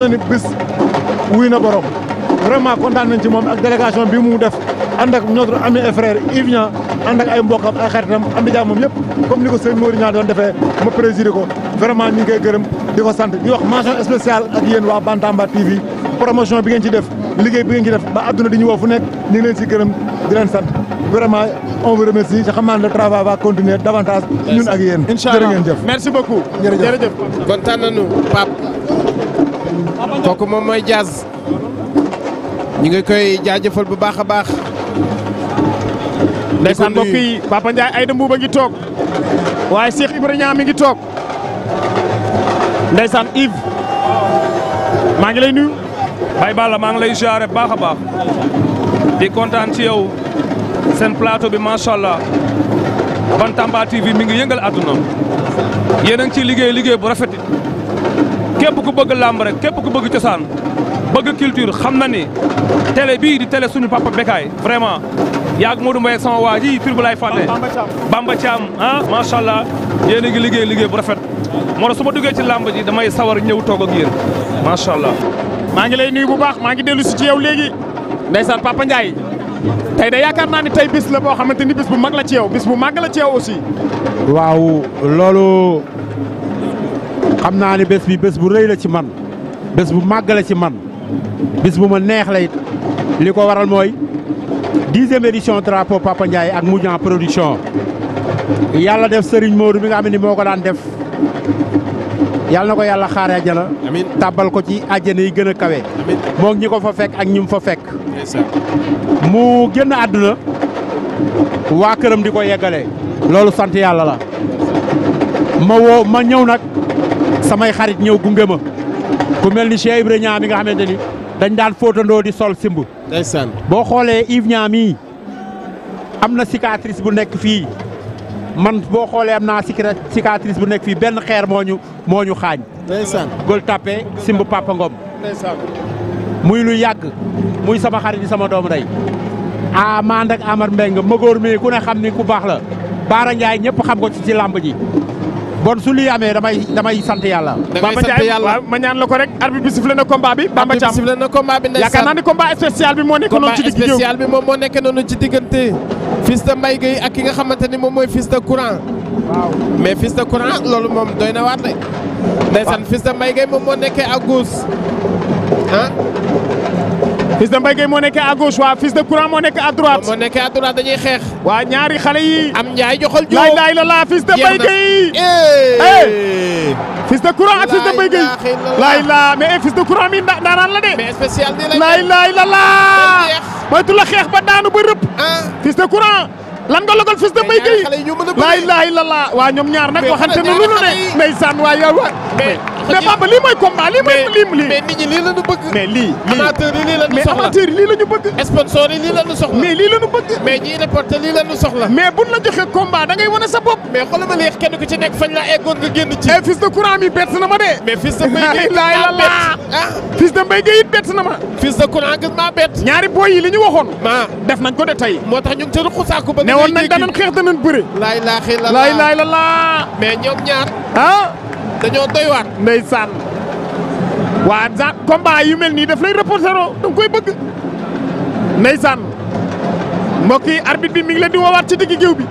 na ni na borom vraiment kontaan nañ ci moom ak délégation bi mu def ànd ak notre ami et ak ay mbokkam ay xaritam am di jàmm yëpp comme ni ko sëñ Mori Niang doon defee ma présider ko vraiment ñu ngi di ko sant di wax mention spéciale ak yéen waa Bantamba TV promotion bi ngeen ci def liggéey bi ngeen ci def ba àdduna di ñu woo fu nekk ñu ngi leen ci gërëm di leen sant vraiment on vous xam naa ne le travail va continuer davantage ñun ak yéen. incha allah jërë ngeen jëf merci beaucoup. kooku moom mooy Diaz ñu ngi koy jaajëfal bu baax a baax. ndeysaan mbokk yi Papa Ndiaye a ngi toog waaye Cheikh Ibrahima mi ngi toog ndeysaan Yves maa ngi lay nuyu. Baye Balla maa ngi lay jaare baax a baax di kontaan ci yow seen plateau bi macha allah Bantamba TV mi ngi yëngal àdduna yéen a ngi ciy liggéey liggéey bu rafet. képp ku bëgg làmb képp ku bëgg cosaan bëgg culture xam na ni télé bii di tele suñu papa Bécaye vraiment yaag Modou Mbaye ak sama waa ji tur bi laay fàtte Bamba Thiam ah macha allah liggéey liggéey bu rafet moo su ma duggee ci làmb ji damay sawar ñëw toog ak yéen macha allah maa ngi lay nuyu bu baax maa ngi dellu si ci yow léegi ndeysaan Papa Ndiaye tey da yaakaar naa ni tey bis la boo xamante ni bis bu mag la ci yow bis bu mag la ci yow aussi waaw xam naa ne bés bi bés bu rëy la ci man bés bu màgg la ci man bis bu ma neex la it li ko waral mooy dixième édition drapeau Papa Ndiaye ak Mouniang production yàlla def Serigne Modou mi nga xam ne moo ko daan def yàlla na ko yàlla xaare àjjana amiin tàbbal ko ci àjjana yi gën a kawe moo ñi ko fa fekk ak ñi mu fa fekk mu génn àdduna waa këram di ko yeggale loolu sant yàlla la ma woo ma ñëw nag samay xarit ñëw gunge ma ku mel ni Cheikh Ibra Niang mi nga xamante ni dañ daan fóotandoo di sol simb ndeysaan boo xoolee Yves Niang mii am na cicatrice bu nekk fii man boo xoolee am naa cicatrice bu nekk fii benn xeer moo ñu moo ñu xaañ ndeysaan gol tapé simb Papa muy lu yàgg muy sama xarit di sama doomu ndey a man ak Amar nga magóor mii ku ne xam ni ku baax la Baara Ndiaye ñëpp xam ko ci ci làmb ji bon su lii amee damay damay sant yàlla. damay sant yàlla ma ñaan la ko rek. arbitre bi sifflé na combat bi. Bamba Thiam arbitre bi sifflé na combat bi. ndeysaan yaakaar naa moo nekk noonu. ci digg combat spécial bi moom moo nekk noonu ci diggante. Fils de Mbaye ak ki nga xamante ni moom mooy Fils de Courant. waaw mais Fils de loolu moom doy na waat rek. waaw ndeysaan Fils mbay Mbaye Gueye moom moo nekkee à gauche fils de Mbaye moo nekkee à gauche waaw fils de courant moo nekk à droite. moo nekkee à droite dañuy xeex. waa ñaari xale yi. am Ndiaye joxol jóg laay laay la laa a de Mbaye Gueye. Eh. Eh. fils de courant ak fils de Mbaye Gueye. laay laa mais eh, fils de courant mi daanaan la de. mais spécial nii laay laay la laa. la xeex ba daanu ba rëpp. Ah. fils de courant. lan nga logal fils de Mbaye laay laay la waa ñoom ñaar nag waxante na lu ne ndeysaan waay yow waay. mais Bamba lii mooy combat lii mooy lii lii. mais nit ñi lii la bëgg. mais lii lii amateur yi lii la soxla mais lii la bëgg. sponsor yi lii la lii la soxla. mais buñ la joxee combat da wane sa bopp. mais xoolal ma kenn ku ci nekk fañ la eggoon nga génn ci. ay eh, fils de bett na ma de. mais fils de mbay gay laa bett na ma. fils de courant maa bett. ñaari boy yi li ñu waxoon. ma def nañ ko de tey. moo tax ñu ngi ca ruqu saako ba. ne woon nañ danañ dañoo doy waat. ndeysaan waa za combat yu mel nii daf lay reporté roo da koy bëgg ndeysaan mbokk yi arbitre bi mi ngi leen di woowaat ci digg géew bi.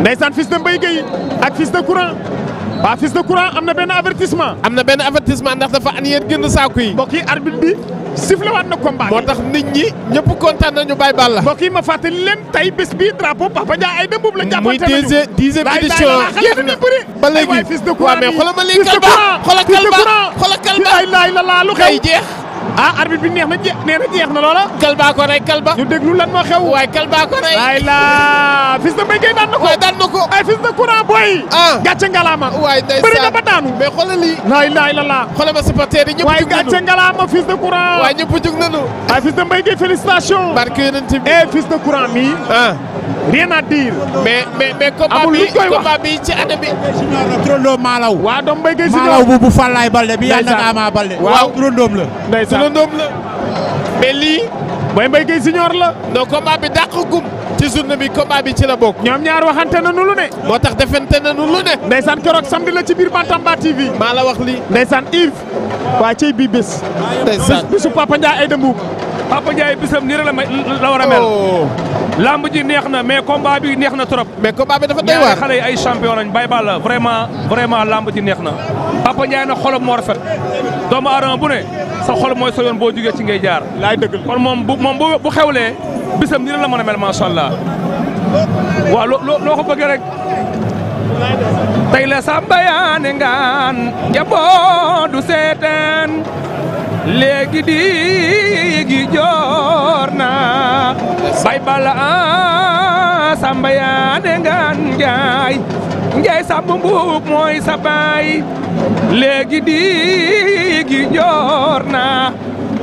ndeysaan Fils de Mbaye Gueye ak Fils de Courant. waaw Fils de Coura am na benn avertissement. am na benn avertissement ndax dafa an yéen génn saako yi. moo tax nit ñi ñëpp kontaan nañu Baye Balla. mbokk yi ma fàttali leen tey bés bi drapeau Papa Ndiaye la. muy dixième dixième édition génn na ba léegi waaw mais ma léegi Kalba xoolal Kalba xoolal Kalba. ay laay la laalu xew jeex. a ah, arbitre bi neex na je nee na jeex na loola. kalba ko rey kalba. ñu déglu lan moo xew. waaye kalba ko rey. waay laa fils de Mbaye Gueye daan na ko. waay daan na ko. ay fils de courant booy. ah gàcce ngalaama. waay ndeysaan bëri na ba daanu. mais xoolal lii. laay la laa. ma supporter yi ñëpp jug nañu. waay de courant. waay ñëpp jug nañu. ay fils de Mbaye eh, de courant mi ah. rien à dire. mais mais mais bi combat bi ci année bi. turandoo Malaw. waaw doomu béykat yi si Malaw bu bu Fallaye Balde bi yàlla na Ama Balde. waaw turandoom la. ndeysaan turandoom la. mais lii. mooy béykat yi si ñor la. non combat bi dàq gum. ci journée bi combat bi ci la bokk. ñoom ñaar waxante na nu lu ne. moo tax defante na nu lu ne. ndeysaan keroog samedi la ci biir Bantamba TV. maa la wax lii. ndeysaan Yves. waa cey bii bés. ndeysaan bés bisu ay dëmbu. Papa Ndiaye bisam nii la may la a mel. Oh. lamb ji neex na mais combat bi neex na trop. mais combat bi dafa bay bal la vraiment vraiment lamb ji neex na. Papa Ndiaye nag xolam moo rafet doomu aadama bu ne sa xol mooy sa yoon boo jugee ci ngay jaar. laay dëgg kon moom bu moom bu xewlee bisam la mën a mel macha allah. waaw loo loo ko bëggee rek. tey la sa ngaan jaboo du léegi diigi joor na bay bala a ah, samba njaay njaay sàmb mbuuk mooy sa baay léegi diigi joor na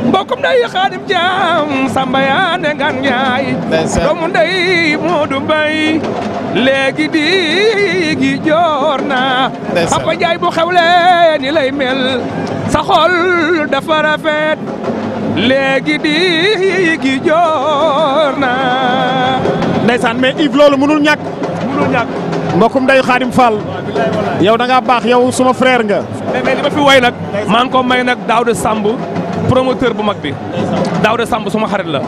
mbokum day xaadim jaam samba yaa ne ngan ñaay doomu ndey moodu mbay léegi digi joor na papa jaay bu xewle ni lay mel sa xol dafa rafet léegi digi joor na ndeysaan mais Yves loolu mënul ñàkk mënul day xaadim Fall yow da ngaa baax yow suma frère nga mais li ma nag maa ngi ko may promoteur bu mag bi Daouda Samb suma xarit la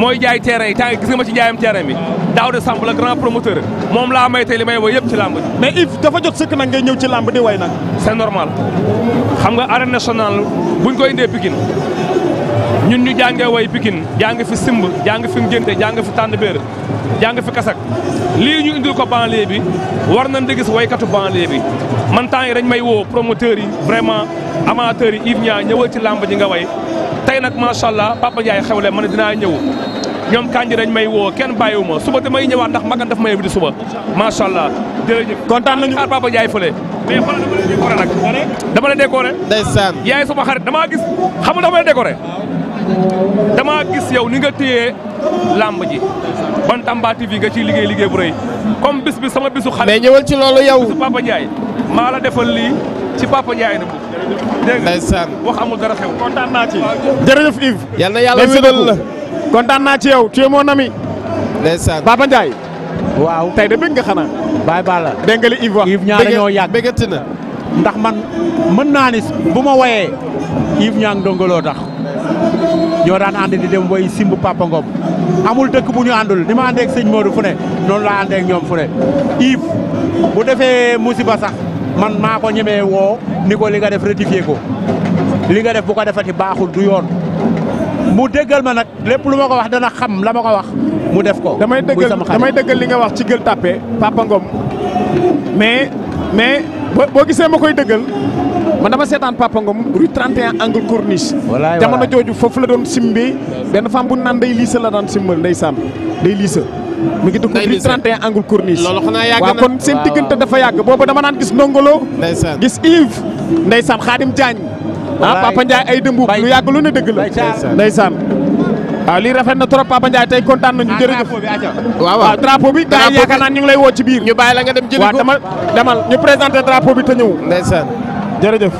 mooy jaay terrain yi temps gis ma ci jaayam terrain bi Daouda Samb la grand promoteur moom laa may tey li may woy yëpp ci làmb mais Yves dafa jot sëkk nag ngay ñëw ci làmb di way nag c'est normal xam nga arène nationale buñ koy indee pikin ñun ñu jàngee way Pikine jàng fi simb jàng fi ngénte jàng fi tàndbéer jàng fi kasak lii ñu indil ko banlieue bi war nañ di gis waykatu banlieue bi man temps yi dañ may woo promoteurs yi vraiment amateurs yi Yves Niang ñëwal ci làmb ji nga way tey nag macha allah Papa Ndiaye xewle ma ne dinaa ñëw ñoom kanji dañ may woo kenn bàyyiwuma suba damay ñëwaat ndax magan daf may yëg di suba macha allah jërëjëf. kontaan nañu xaar Papa Ndiaye fële. mais xoolal dama lay décorer nag. dama lay décorer. sama xarit damaa gis xam nga dama lay décorer. damaa gis yow ni nga téye làmb ji Bantamba TV nga ciy liggéey liggéey bu rëy comme bis bi sama bisu xale. mais ci loolu yow bisu Papa Ndiaye maa la defal lii ci Papa Ndiaye na bu ndeysaan wax amul dara xew kontaan naa ci kon daan na yàlla wéral la kontaan naa ci yow tu es mon ami waaw tey de bëgg nga xanaa baay baa la dégg nga li Yves wax Yves ñaa dañoo yàgg bëggati na ndax man mën naa ni bu ma woyee Yves ñaa ngi dongoloo tax ñoo daan ànd di dem way simb Papa amul dëkk bu ñu àndul ni ma àndee ak sëñ Modou fu ne noonu laa àndee ak ñoom fu ne Yves bu defee musiba sax man maa ko ñemee woo ni ko li nga def rectifier ko li nga def bu ko defati baaxul du yoon mu déggal ma nag lépp lu ma ko wax dana xam la ma ko wax mu def ko. damay dëggal damay dëggal li nga wax ci gël tàppe Papa Ngom mais mais boo gisee ma koy dëggal man dama seetaan Papa Ngom rue 31 angle corniche. jamono jooju foofu la doon simbi benn femme bu naan day liisa la daan simbal ndeysaan day liisa. mi ngi dëkk rue 31 angle Corniche. loolu xanaa yàgg na waaw kon seen diggante dafa yàgg booba dama naan gis Ndongolo. ndeysaan gis Yves. ndeysaan Xaadim Diagne. ah Papa Ndiaye ay dëmbu lu yàgg lu ne dëgg la. ndeysaan waaw ah, lii rafet na trop Papa Ndiaye tey kontaan na ah, jërëjëf. waaw waaw ah, drapeau bi. drapeau bi yaakaar naa ñu ngi lay woo ci biir. ñu bàyyi la nga dem jëli ko waaw demal demal ñu présenté drapeau bi te ñëw. ndeysaan jërëjëf.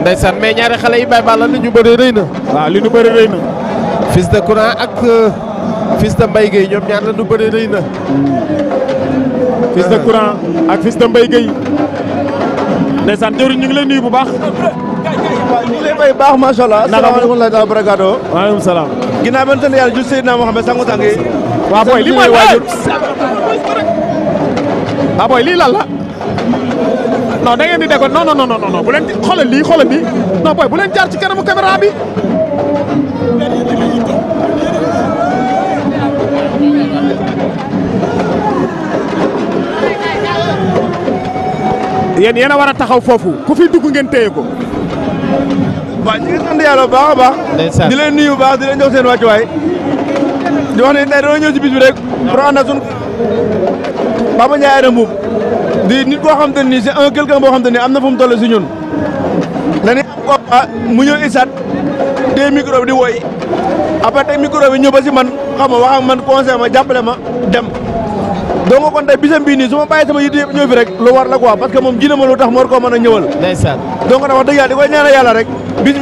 ndeysaan mais ñaari xale yi bay bala li ñu bëri rëy na. waaw li ñu bëri rëy na Fils de Coura ak euh, Fils de Mbaye Gueye ñoom ñaar la nu bëri rëy na. Fils de ak Fils de Mbaye Gueye. ndeysaan jëriñ ñu ngi lay nuyu bu baax. waaw ñu ngi lay fay baax macha allah. asalaamaaleykum wa rahmatulah barakaatu. waaleykum salaam. ginnaaw bi sant yàlla jul Seydina Mohamed sangu sang yi. waaw booy lii mooy waajur waaw booy lii lan la. non da ngeen di déggoon non bu leen lii xoolal lii non booy bu leen jaar ci kanamu caméra bi. yéen yéen a war a taxaw foofu ku fi dugg ngeen téye ko. waaw ñu ngi sant yàlla baax a baax. di leen nuyu baax di leen jox seen wàccuwaay. di wax ne tey dañoo ñëw ci bis bi rek. pour ànd ak sunu Papa Ndiaye Aida Mboup di nit koo xam te ni c'est un quelqu'un boo xam te ni am na fu mu toll si ñun. dañuy am combat mu ñëw ISAT des micro bi di woy après tey micro bi si man xam ma wax man conseil ma jàppale ma dem. donc kon tey bisam bii nii su ma bàyyi yëpp ñëw rek lu war la quoi parce que moom ji ma lu tax ma war a ñëwal. ndeysaan donc nag wax di koy ñaanal yàlla rek bis